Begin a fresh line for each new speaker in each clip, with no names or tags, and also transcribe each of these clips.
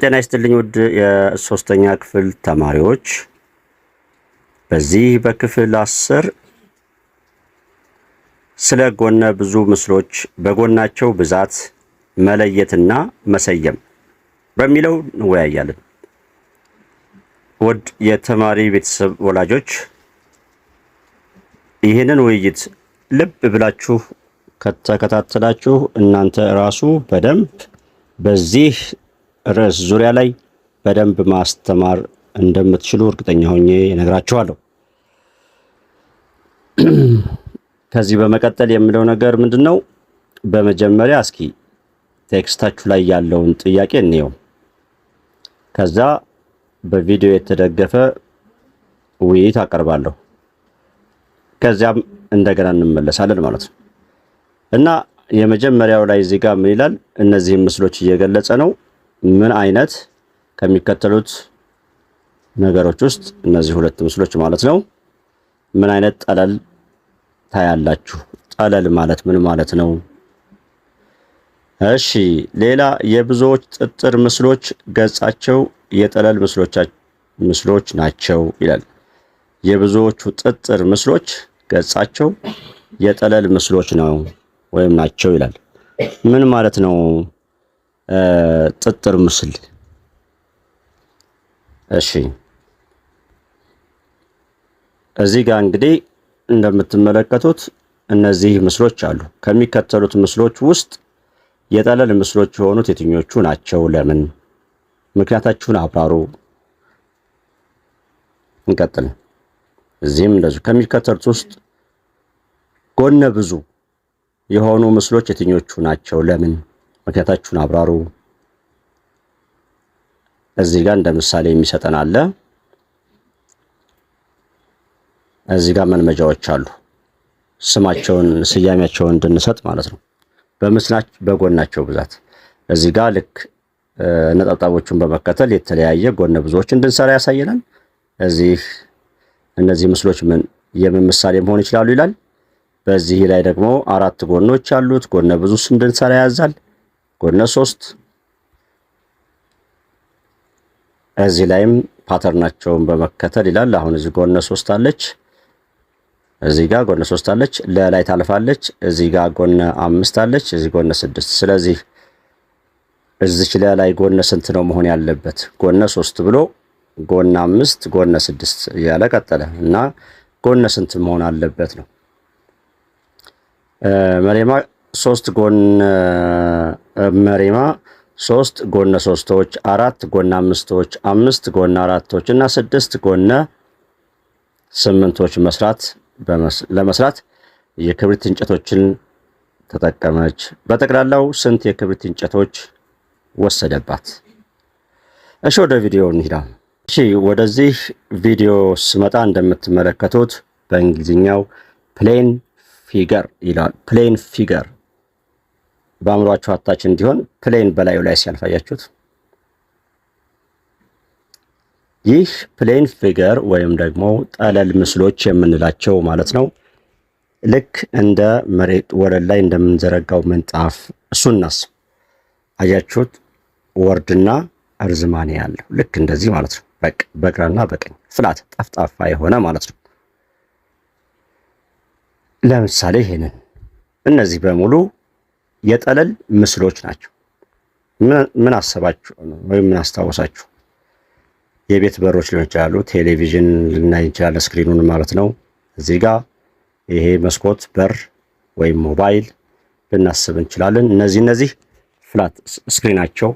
ጤና ይስጥልኝ ውድ የሶስተኛ ክፍል ተማሪዎች፣ በዚህ በክፍል አስር ስለ ጎነ ብዙ ምስሎች በጎናቸው ብዛት መለየትና መሰየም በሚለው እንወያያለን። ውድ የተማሪ ቤተሰብ ወላጆች ይህንን ውይይት ልብ ብላችሁ ከተከታተላችሁ እናንተ ራሱ በደንብ በዚህ ርዕስ ዙሪያ ላይ በደንብ ማስተማር እንደምትችሉ እርግጠኛ ሆኜ እነግራችኋለሁ። ከዚህ በመቀጠል የምለው ነገር ምንድን ነው? በመጀመሪያ እስኪ ቴክስታችሁ ላይ ያለውን ጥያቄ እንየው። ከዛ በቪዲዮ የተደገፈ ውይይት አቀርባለሁ። ከዚያም እንደገና እንመለሳለን ማለት ነው እና የመጀመሪያው ላይ እዚህ ጋር ምን ይላል? እነዚህም ምስሎች እየገለጸ ነው ምን አይነት ከሚከተሉት ነገሮች ውስጥ እነዚህ ሁለት ምስሎች ማለት ነው። ምን አይነት ጠለል ታያላችሁ? ጠለል ማለት ምን ማለት ነው? እሺ፣ ሌላ የብዙዎች ጥጥር ምስሎች ገጻቸው የጠለል ምስሎች ናቸው ይላል። የብዙዎቹ ጥጥር ምስሎች ገጻቸው የጠለል ምስሎች ነው ወይም ናቸው ይላል። ምን ማለት ነው? ጥጥር ምስል እሺ እዚህ ጋር እንግዲህ እንደምትመለከቱት እነዚህ ምስሎች አሉ። ከሚከተሉት ምስሎች ውስጥ የጠለል ምስሎች የሆኑት የትኞቹ ናቸው? ለምን? ምክንያታችሁን አብራሩ። እንቀጥል። እዚህም እንደዚሁ ከሚከተሉት ውስጥ ጎነ ብዙ የሆኑ ምስሎች የትኞቹ ናቸው? ለምን? ምክንያታችሁን አብራሩ። እዚህ ጋር እንደ ምሳሌ የሚሰጠን አለ። እዚህ ጋር መልመጃዎች አሉ። ስማቸውን ስያሜያቸውን እንድንሰጥ ማለት ነው። በምስናች በጎናቸው ብዛት እዚህ ጋር ልክ ነጠብጣቦቹን በመከተል የተለያየ ጎነ ብዙዎች እንድንሰራ ያሳየናል። እዚህ እነዚህ ምስሎች የምን ምሳሌ መሆን ይችላሉ ይላል። በዚህ ላይ ደግሞ አራት ጎኖች አሉት። ጎነ ብዙስ እንድንሰራ ያዛል። ጎነ ሶስት እዚህ ላይም ፓተርናቸውን በመከተል ይላል። አሁን እዚህ ጎነ ሶስት አለች፣ እዚህ ጋር ጎነ ሶስት አለች፣ ለላይ ታልፋለች። እዚህ ጋር ጎነ አምስት አለች፣ እዚህ ጎነ ስድስት። ስለዚህ እዚች ለላይ ጎነ ስንት ነው መሆን ያለበት? ጎነ ሶስት ብሎ ጎነ አምስት ጎነ ስድስት እያለ ቀጠለ እና ጎነ ስንት መሆን አለበት ነው መሬማ ሶስት ጎነ መሪማ ሶስት ጎነ ሶስቶች፣ አራት ጎነ አምስቶች፣ አምስት ጎነ አራቶች እና ስድስት ጎነ ስምንቶች መስራት ለመስራት የክብሪት እንጨቶችን ተጠቀመች። በጠቅላላው ስንት የክብሪት እንጨቶች ወሰደባት? እሺ ወደ ቪዲዮ እንሂዳ። እሺ ወደዚህ ቪዲዮ ስመጣ እንደምትመለከቱት በእንግሊዝኛው ፕሌን ፊገር ይላል። ፕሌን ፊገር በአእምሯችሁ አታች እንዲሆን ፕሌን በላዩ ላይ ሲያልፋያችሁት ይህ ፕሌን ፊገር ወይም ደግሞ ጠለል ምስሎች የምንላቸው ማለት ነው። ልክ እንደ መሬት ወለል ላይ እንደምንዘረጋው ምንጣፍ እሱን ናስ አያችሁት፣ ወርድና እርዝማኔ ያለው ልክ እንደዚህ ማለት ነው። በቅ በግራና በቀኝ ፍላት ጠፍጣፋ የሆነ ማለት ነው። ለምሳሌ ይሄንን እነዚህ በሙሉ የጠለል ምስሎች ናቸው። ምን አሰባችሁ ወይም ምን አስታወሳችሁ? የቤት በሮች ሊሆን ይችላሉ። ቴሌቪዥን ልናይ እንችላለን፣ ስክሪኑን ማለት ነው። እዚህ ጋር ይሄ መስኮት በር ወይም ሞባይል ልናስብ እንችላለን። እነዚህ እነዚህ ፍላት ስክሪናቸው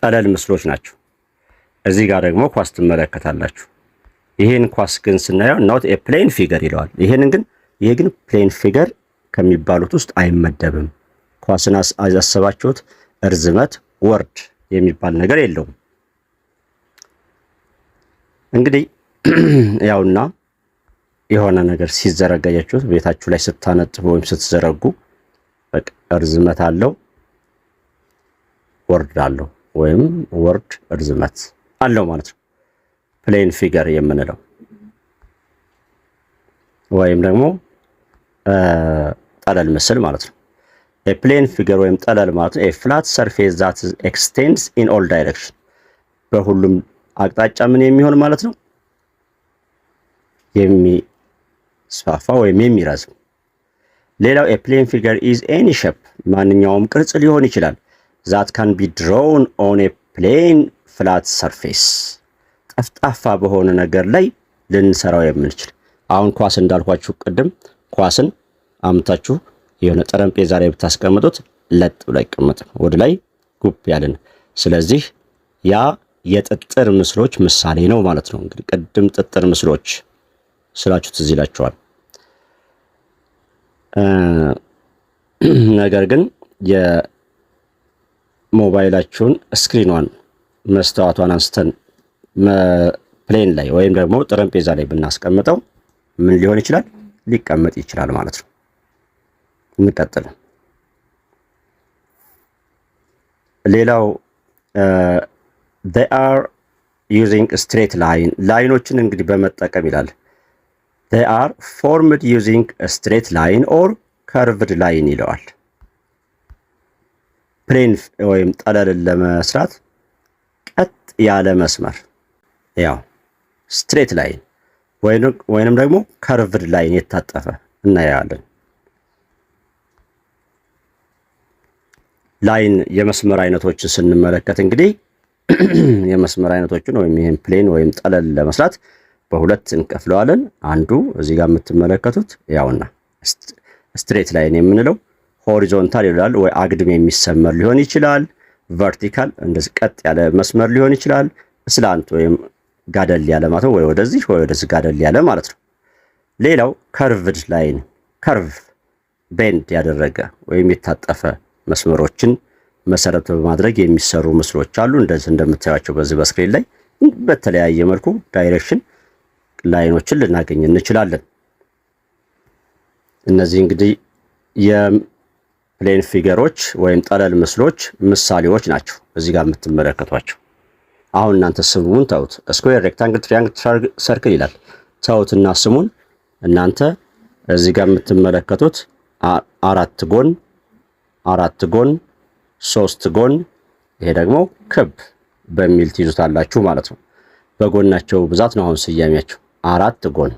ጠለል ምስሎች ናቸው። እዚህ ጋር ደግሞ ኳስ ትመለከታላችሁ። ይህን ኳስ ግን ስናየው ኖት ኤ ፕሌን ፊገር ይለዋል። ይህን ግን ይሄ ግን ፕሌን ፊገር ከሚባሉት ውስጥ አይመደብም። ኳስን አያሰባችሁት እርዝመት ወርድ የሚባል ነገር የለውም። እንግዲህ ያውና የሆነ ነገር ሲዘረጋያችሁት ቤታችሁ ላይ ስታነጥፉ ወይም ስትዘረጉ በቃ እርዝመት አለው ወርድ አለው ወይም ወርድ እርዝመት አለው ማለት ነው። ፕሌን ፊገር የምንለው ወይም ደግሞ ጠለል ምስል ማለት ነው። ፕሌን ፊገር ወይም ጠለል ማለት ነው። ፍላት ሰርፌስ ዛት ኤክስቴንድስ ኢን ኦል ዳይሬክሽን በሁሉም አቅጣጫ ምን የሚሆን ማለት ነው የሚስፋፋ ወይም የሚረዝም። ሌላው ፕሌን ፊገር ኢዝ ኤኒ ሼፕ ማንኛውም ቅርጽ ሊሆን ይችላል ዛት ካን ቢ ድሮውን ኦን ፕሌን ፍላት ሰርፌስ ጠፍጣፋ በሆነ ነገር ላይ ልንሰራው የምንችል አሁን ኳስ እንዳልኳችሁ ቅድም ኳስን አምታችሁ የሆነ ጠረጴዛ ላይ ብታስቀምጡት ለጥ ብሎ አይቀመጥም፣ ወደ ላይ ጉብ ያለን። ስለዚህ ያ የጥጥር ምስሎች ምሳሌ ነው ማለት ነው። እንግዲህ ቅድም ጥጥር ምስሎች ስላችሁ ትዝ ይላችኋል። ነገር ግን የሞባይላችሁን ስክሪኗን መስታወቷን አንስተን ፕሌን ላይ ወይም ደግሞ ጠረጴዛ ላይ ብናስቀምጠው ምን ሊሆን ይችላል? ሊቀመጥ ይችላል ማለት ነው። የሚቀጥለው ሌላው they are using straight line ላይኖችን እንግዲህ በመጠቀም ይላል they are formed using a straight line or curved line ይለዋል። ፕሌን ወይም ጠለልን ለመስራት ቀጥ ያለ መስመር ያው ስትሬት ላይን ወይንም ደግሞ ከርቭድ ላይን የታጠፈ እናየዋለን። ላይን የመስመር አይነቶችን ስንመለከት እንግዲህ የመስመር አይነቶችን ወይም ይህን ፕሌን ወይም ጠለል ለመስራት በሁለት እንከፍለዋለን። አንዱ እዚህ ጋር የምትመለከቱት ያውና ስትሬት ላይን የምንለው ሆሪዞንታል ይላል ወይ አግድም የሚሰመር ሊሆን ይችላል። ቨርቲካል እንደዚህ ቀጥ ያለ መስመር ሊሆን ይችላል። ስላንት ወይም ጋደል ያለ ማለት ነው፣ ወይ ወደዚህ ወይ ወደዚህ ጋደል ያለ ማለት ነው። ሌላው ከርቭድ ላይን ከርቭ ቤንድ ያደረገ ወይም የታጠፈ መስመሮችን መሰረት በማድረግ የሚሰሩ ምስሎች አሉ። እንደዚህ እንደምታዩቸው በዚህ በስክሪን ላይ በተለያየ መልኩ ዳይሬክሽን ላይኖችን ልናገኝ እንችላለን። እነዚህ እንግዲህ የፕሌን ፊገሮች ወይም ጠለል ምስሎች ምሳሌዎች ናቸው፣ እዚህ ጋር የምትመለከቷቸው። አሁን እናንተ ስሙን ተውት፣ ስኩዌር፣ ሬክታንግል፣ ትሪያንግል፣ ሰርክል ይላል። ተውትና ስሙን እናንተ እዚህ ጋር የምትመለከቱት አራት ጎን አራት ጎን፣ ሶስት ጎን፣ ይሄ ደግሞ ክብ በሚል ትይዙታላችሁ ማለት ነው። በጎናቸው ብዛት ነው አሁን ስያሜያቸው። አራት ጎን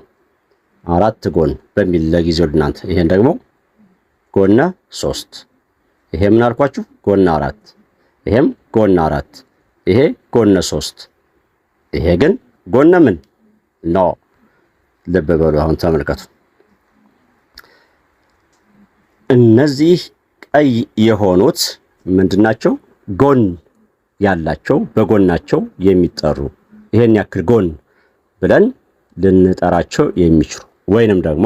አራት ጎን በሚል ለጊዜው እናንተ ይሄን ደግሞ ጎነ ሶስት ይሄ ምን አልኳችሁ? ጎነ አራት ይሄም ጎነ አራት ይሄ ጎነ ሶስት ይሄ ግን ጎነ ምን ነው? ልብ በሉ አሁን ተመልከቱ እነዚህ ቀይ የሆኑት ምንድናቸው? ጎን ያላቸው በጎናቸው የሚጠሩ ይሄን ያክል ጎን ብለን ልንጠራቸው የሚችሉ ወይንም ደግሞ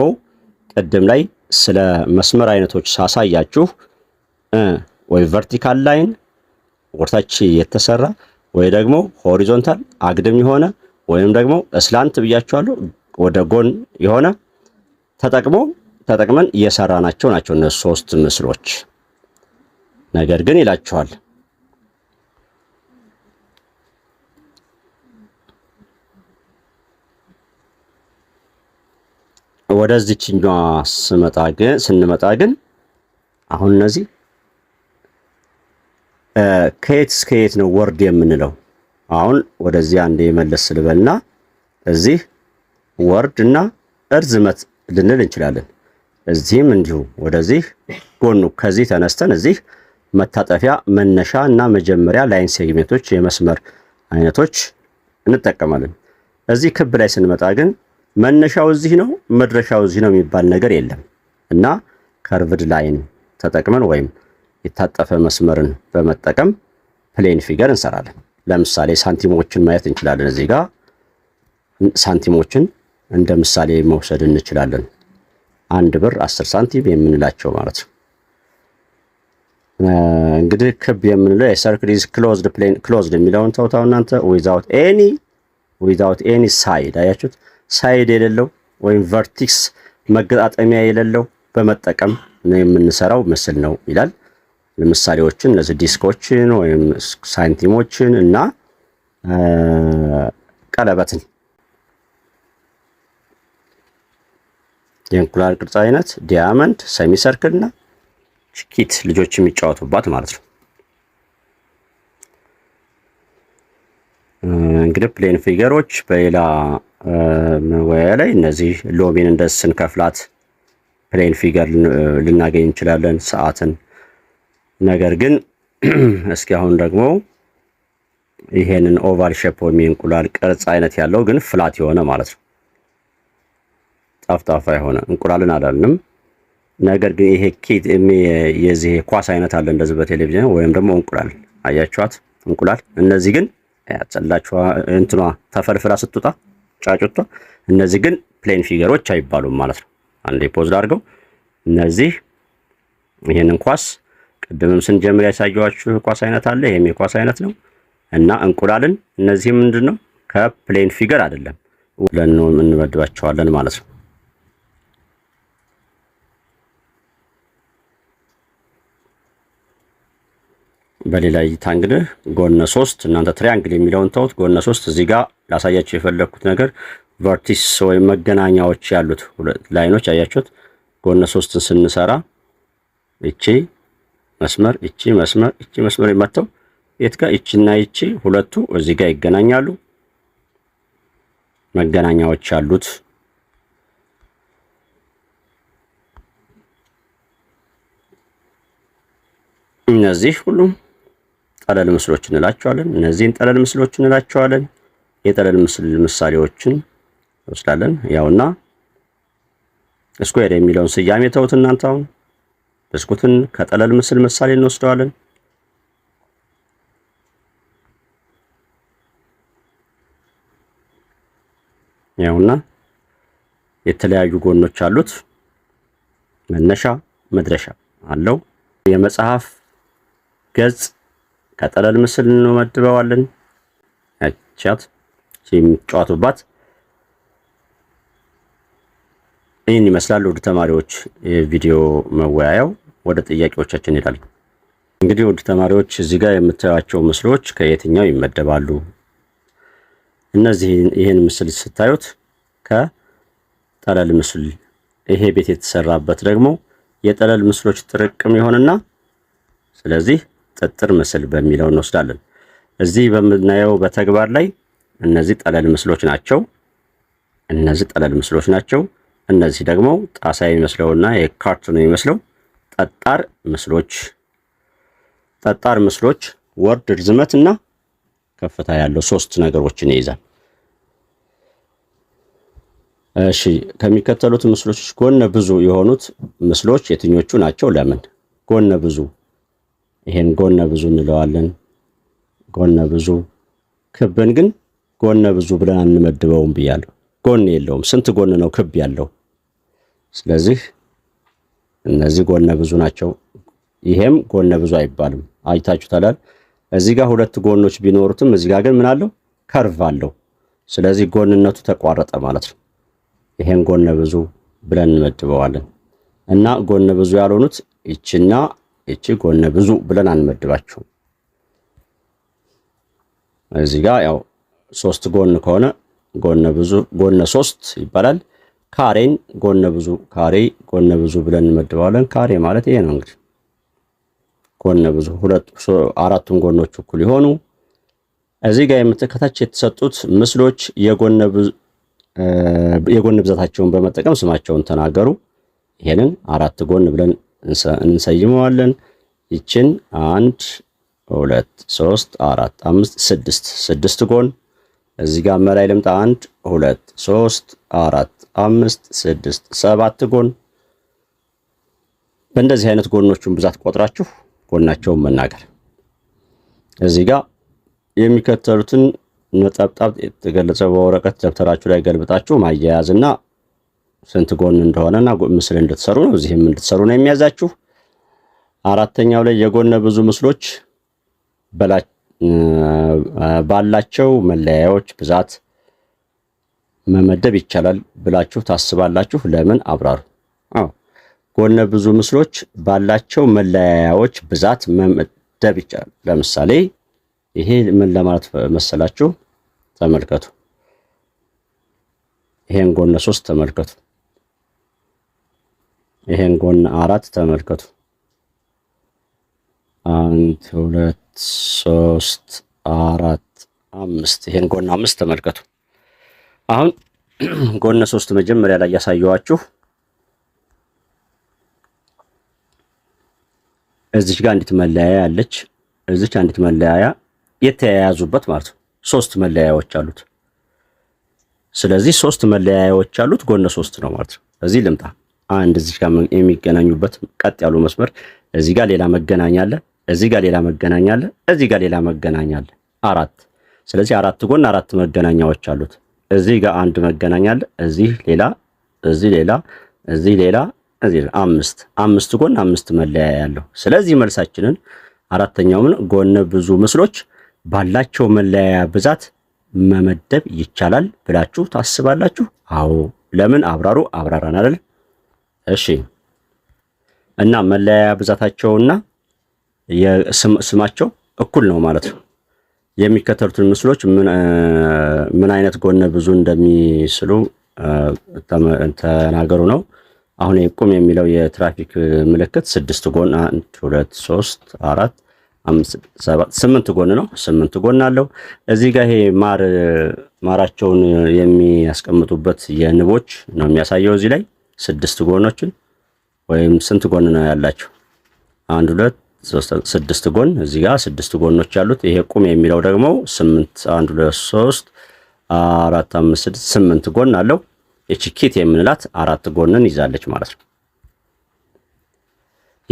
ቅድም ላይ ስለ መስመር አይነቶች ሳሳያችሁ ወይ ቨርቲካል ላይን ወርታች የተሰራ ወይ ደግሞ ሆሪዞንታል አግድም የሆነ ወይም ደግሞ እስላንት ብያቸዋለሁ ወደ ጎን የሆነ ተጠቅሞ ተጠቅመን እየሰራናቸው ናቸው እነሱ ሶስት ምስሎች ነገር ግን ይላችኋል ወደዚችኛዋ ስመጣ ግን ስንመጣ ግን አሁን እነዚህ ከየት እስከ የት ነው ወርድ የምንለው? አሁን ወደዚህ አንድ የመለስ ልበልና እዚህ ወርድ እና እርዝመት ልንል እንችላለን። እዚህም እንዲሁ ወደዚህ ጎኑ ከዚህ ተነስተን እዚህ መታጠፊያ መነሻ እና መጀመሪያ ላይን ሴግሜንቶች የመስመር አይነቶች እንጠቀማለን። እዚህ ክብ ላይ ስንመጣ ግን መነሻው እዚህ ነው፣ መድረሻው እዚህ ነው የሚባል ነገር የለም እና ከርቭድ ላይን ተጠቅመን ወይም የታጠፈ መስመርን በመጠቀም ፕሌን ፊገር እንሰራለን። ለምሳሌ ሳንቲሞችን ማየት እንችላለን። እዚህ ጋር ሳንቲሞችን እንደ ምሳሌ መውሰድ እንችላለን። አንድ ብር አስር ሳንቲም የምንላቸው ማለት ነው። እንግዲህ ክብ የምንለው የሰርክል ኢዝ ክሎዝድ ፕሌን ክሎዝድ የሚለውን ተውታው እናንተ ዊዛውት ኤኒ ዊዛውት ኤኒ ሳይድ አያችሁት። ሳይድ የሌለው ወይም ቨርቲክስ መገጣጠሚያ የሌለው በመጠቀም የምንሰራው ምስል ነው ይላል። ለምሳሌዎችን እነዚህ ዲስኮችን ወይም ሳንቲሞችን እና ቀለበትን የእንቁላል ቅርጽ አይነት ዲያመንድ፣ ሰርክል እና ኪት ልጆች የሚጫወቱባት ማለት ነው። እንግዲህ ፕሌን ፊገሮች በሌላ መወያያ ላይ እነዚህ ሎሚን እንደዚህ ስንከፍላት ፕሌን ፊገር ልናገኝ እንችላለን ሰዓትን። ነገር ግን እስኪ አሁን ደግሞ ይሄንን ኦቫል ሼፕ ወይም እንቁላል ቅርጽ አይነት ያለው ግን ፍላት የሆነ ማለት ነው፣ ጠፍጣፋ የሆነ እንቁላልን አላልንም። ነገር ግን ይሄ ኬት የዚህ ኳስ አይነት አለ እንደዚህ በቴሌቪዥን ወይም ደግሞ እንቁላል አያችኋት፣ እንቁላል እነዚህ ግን ያጸላችኋ እንትኗ ተፈልፍላ ስትወጣ ጫጩቷ። እነዚህ ግን ፕሌን ፊገሮች አይባሉም ማለት ነው። አንዴ ፖዝ አድርገው እነዚህ ይህንን ኳስ ቅድምም ስንጀምር ያሳየኋችሁ ኳስ አይነት አለ። ይሄም የኳስ አይነት ነው እና እንቁላልን እነዚህ ምንድን ነው ከፕሌን ፊገር አይደለም ብለን እንመድባቸዋለን ማለት ነው። በሌላ እይታ እንግዲህ ጎነ ሶስት እናንተ ትሪያንግል የሚለውን ተውት። ጎነ ሶስት እዚህ ጋር ላሳያችሁ የፈለግኩት ነገር ቨርቲስ ወይም መገናኛዎች ያሉት ላይኖች አያችሁት። ጎነ ሶስትን ስንሰራ እቺ መስመር እቺ መስመር እቺ መስመር የመተው የት ጋር እቺና እቺ ሁለቱ እዚህ ጋር ይገናኛሉ። መገናኛዎች ያሉት እነዚህ ሁሉም ጠለል ምስሎች እንላቸዋለን። እነዚህን ጠለል ምስሎች እንላቸዋለን። የጠለል ምስል ምሳሌዎችን እንወስዳለን። ያውና ስኩዌር የሚለውን ስያሜ ተውት እናንተ አሁን ብስኩትን ከጠለል ምስል ምሳሌ እንወስደዋለን። ያውና የተለያዩ ጎኖች አሉት። መነሻ መድረሻ አለው። የመጽሐፍ ገጽ ከጠለል ምስል እንመድበዋለን። ያቻት የሚጫወቱባት ይህን ይመስላል። ውድ ተማሪዎች የቪዲዮ መወያያው ወደ ጥያቄዎቻችን ይሄዳል። እንግዲህ ውድ ተማሪዎች እዚህ ጋር የምታዩቸው ምስሎች ከየትኛው ይመደባሉ? እነዚህ ይህን ምስል ስታዩት ከጠለል ምስል ይሄ ቤት የተሰራበት ደግሞ የጠለል ምስሎች ጥርቅም ይሆንና ስለዚህ ጥጥር ምስል በሚለው እንወስዳለን። እዚህ በምናየው በተግባር ላይ እነዚህ ጠለል ምስሎች ናቸው። እነዚህ ጠለል ምስሎች ናቸው። እነዚህ ደግሞ ጣሳ የሚመስለውና የካርቱን የሚመስለው ጠጣር ምስሎች ጠጣር ምስሎች ወርድ ርዝመት እና ከፍታ ያለው ሶስት ነገሮችን ይይዛል። እሺ ከሚከተሉት ምስሎች ጎነ ብዙ የሆኑት ምስሎች የትኞቹ ናቸው? ለምን? ጎነ ብዙ ይሄን ጎነ ብዙ እንለዋለን። ጎነ ብዙ ክብን ግን ጎነ ብዙ ብለን አንመድበውም ብያለሁ። ጎን የለውም። ስንት ጎን ነው ክብ ያለው? ስለዚህ እነዚህ ጎነ ብዙ ናቸው። ይሄም ጎነ ብዙ አይባልም። አይታችሁታል። እዚህ ጋር ሁለት ጎኖች ቢኖሩትም እዚህ ጋር ግን ምን አለው? ከርቭ አለው። ስለዚህ ጎንነቱ ተቋረጠ ማለት ነው። ይሄን ጎነ ብዙ ብለን እንመድበዋለን እና ጎነ ብዙ ያልሆኑት ይችና እጅግ ጎነ ብዙ ብለን አንመድባቸውም። እዚህ ጋር ያው ሶስት ጎን ከሆነ ጎነ ብዙ ጎነ ሶስት ይባላል። ካሬን ጎነ ብዙ ካሬ ጎነ ብዙ ብለን እንመድባለን። ካሬ ማለት ይሄ ነው እንግዲህ ጎነ ብዙ ሁለት አራቱም ጎኖች እኩል የሆኑ እዚህ ጋር የምትከታች የተሰጡት ምስሎች የጎን ብዛታቸውን በመጠቀም ስማቸውን ተናገሩ። ይሄንን አራት ጎን ብለን እንሰይመዋለን። ይችን አንድ ሁለት ሶስት አራት አምስት ስድስት ስድስት ጎን እዚህ ጋር መላይ ልምጣ። አንድ ሁለት ሶስት አራት አምስት ስድስት ሰባት ጎን በእንደዚህ አይነት ጎኖቹን ብዛት ቆጥራችሁ ጎናቸውን መናገር። እዚህ ጋር የሚከተሉትን ነጠብጣብ የተገለጸ በወረቀት ደብተራችሁ ላይ ገልብጣችሁ ማያያዝና ስንት ጎን እንደሆነና ምስል እንድትሰሩ ነው። እዚህም እንድትሰሩ ነው የሚያዛችሁ። አራተኛው ላይ የጎነ ብዙ ምስሎች ባላቸው መለያዎች ብዛት መመደብ ይቻላል ብላችሁ ታስባላችሁ? ለምን አብራሩ። አዎ ጎነ ብዙ ምስሎች ባላቸው መለያዎች ብዛት መመደብ ይቻላል። ለምሳሌ ይሄ ምን ለማለት መሰላችሁ? ተመልከቱ። ይሄን ጎነ ሶስት ተመልከቱ። ይሄን ጎን አራት ተመልከቱ። አንድ ሁለት ሶስት አራት አምስት ይሄን ጎን አምስት ተመልከቱ። አሁን ጎን ሶስት መጀመሪያ ላይ ያሳየዋችሁ እዚች ጋር አንዲት መለያያ ያለች እዚች አንዲት መለያያ የተያያዙበት ማለት ነው። ሶስት መለያያዎች አሉት። ስለዚህ ሶስት መለያያዎች አሉት ጎነ ሶስት ነው ማለት ነው። እዚህ ልምጣ አንድ እዚህ ጋር የሚገናኙበት ቀጥ ያሉ መስመር፣ እዚህ ጋር ሌላ መገናኛ አለ፣ እዚህ ጋር ሌላ መገናኛ አለ፣ እዚህ ጋር ሌላ መገናኛ አለ። አራት። ስለዚህ አራት ጎን አራት መገናኛዎች አሉት። እዚህ ጋር አንድ መገናኛ አለ፣ እዚህ ሌላ፣ እዚህ ሌላ፣ እዚህ ሌላ፣ እዚህ አምስት። አምስት ጎን አምስት መለያ ያለው። ስለዚህ መልሳችንን አራተኛውን ጎነ ብዙ ምስሎች ባላቸው መለያያ ብዛት መመደብ ይቻላል ብላችሁ ታስባላችሁ? አዎ። ለምን? አብራሩ። አብራራን አይደል? እሺ እና መለያያ ብዛታቸውና ስማቸው እኩል ነው ማለት ነው። የሚከተሉትን ምስሎች ምን አይነት ጎነ ብዙ እንደሚስሉ ተናገሩ ነው። አሁን ቁም የሚለው የትራፊክ ምልክት ስድስት ጎን አንድ ሁለት ሶስት አራት አምስት ሰባት ስምንት ጎን ነው። ስምንት ጎን አለው። እዚህ ጋር ይሄ ማር ማራቸውን የሚያስቀምጡበት የንቦች ነው የሚያሳየው እዚህ ላይ ስድስት ጎኖችን ወይም ስንት ጎን ነው ያላችሁ? አንድ ሁለት ስድስት ጎን እዚህ ጋር ስድስት ጎኖች ያሉት ይሄ ቁም የሚለው ደግሞ ስምንት አንድ ሁለት ሶስት አራት አምስት ስድስት ስምንት ጎን አለው። የችኪት የምንላት አራት ጎንን ይዛለች ማለት ነው።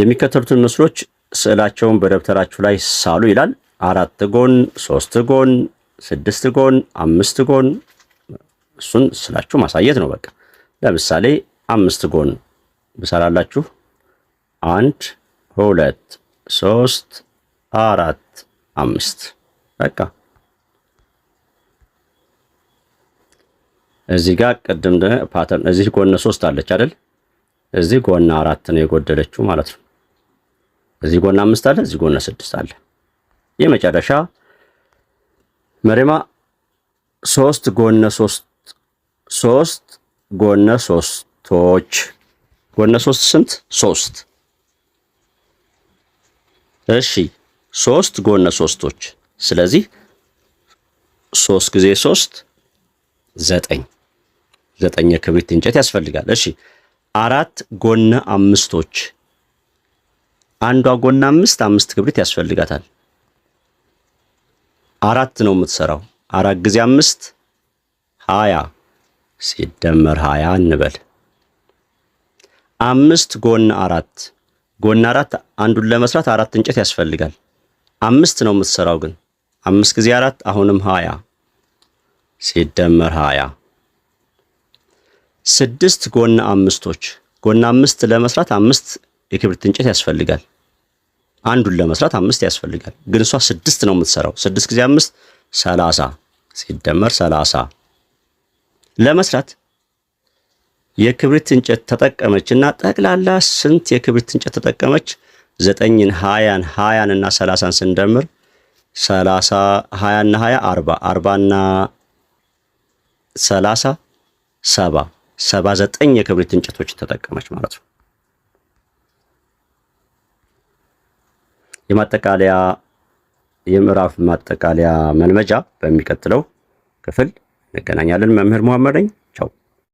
የሚከተሉትን ምስሎች ስዕላቸውን በደብተራችሁ ላይ ሳሉ ይላል። አራት ጎን፣ ሶስት ጎን፣ ስድስት ጎን፣ አምስት ጎን እሱን ስላችሁ ማሳየት ነው በቃ ለምሳሌ አምስት ጎን ብሰራላችሁ አንድ ሁለት ሶስት አራት አምስት በቃ እዚህ ጋር ቅድም ፓተርን እዚህ ጎን ሶስት አለች አይደል? እዚህ ጎን አራት ነው የጎደለችው ማለት ነው። እዚህ ጎን አምስት አለ፣ እዚህ ጎን ስድስት አለ። የመጨረሻ መሪማ ሶስት ጎነ ሶስት ሶስት ጎነ ሶስት ቶች ጎነ ሶስት ስንት ሶስት እሺ ሶስት ጎነ ሶስቶች ስለዚህ ሶስት ጊዜ ሶስት ዘጠኝ ዘጠኝ የክብሪት እንጨት ያስፈልጋል እሺ አራት ጎነ አምስቶች አንዷ ጎነ አምስት አምስት ክብሪት ያስፈልጋታል አራት ነው የምትሰራው አራት ጊዜ አምስት ሀያ ሲደመር ሀያ እንበል አምስት ጎን አራት ጎን አራት አንዱን ለመስራት አራት እንጨት ያስፈልጋል። አምስት ነው የምትሰራው ግን አምስት ጊዜ አራት አሁንም ሀያ ሲደመር ሀያ ስድስት ጎን አምስቶች ጎን አምስት ለመስራት አምስት የክብሪት እንጨት ያስፈልጋል። አንዱን ለመስራት አምስት ያስፈልጋል ግን እሷ ስድስት ነው የምትሰራው። ስድስት ጊዜ አምስት ሰላሳ ሲደመር ሰላሳ ለመስራት የክብሪት እንጨት ተጠቀመች እና ጠቅላላ ስንት የክብሪት እንጨት ተጠቀመች? ዘጠኝን ሀያን ሀያን እና ሰላሳን ስንደምር ሰላሳ ሀያና ሀያ አርባ አርባና ሰላሳ ሰባ ሰባ ዘጠኝ የክብሪት እንጨቶች ተጠቀመች ማለት ነው። የማጠቃለያ የምዕራፍ ማጠቃለያ መልመጃ በሚቀጥለው ክፍል እንገናኛለን። መምህር መሐመድ ነኝ።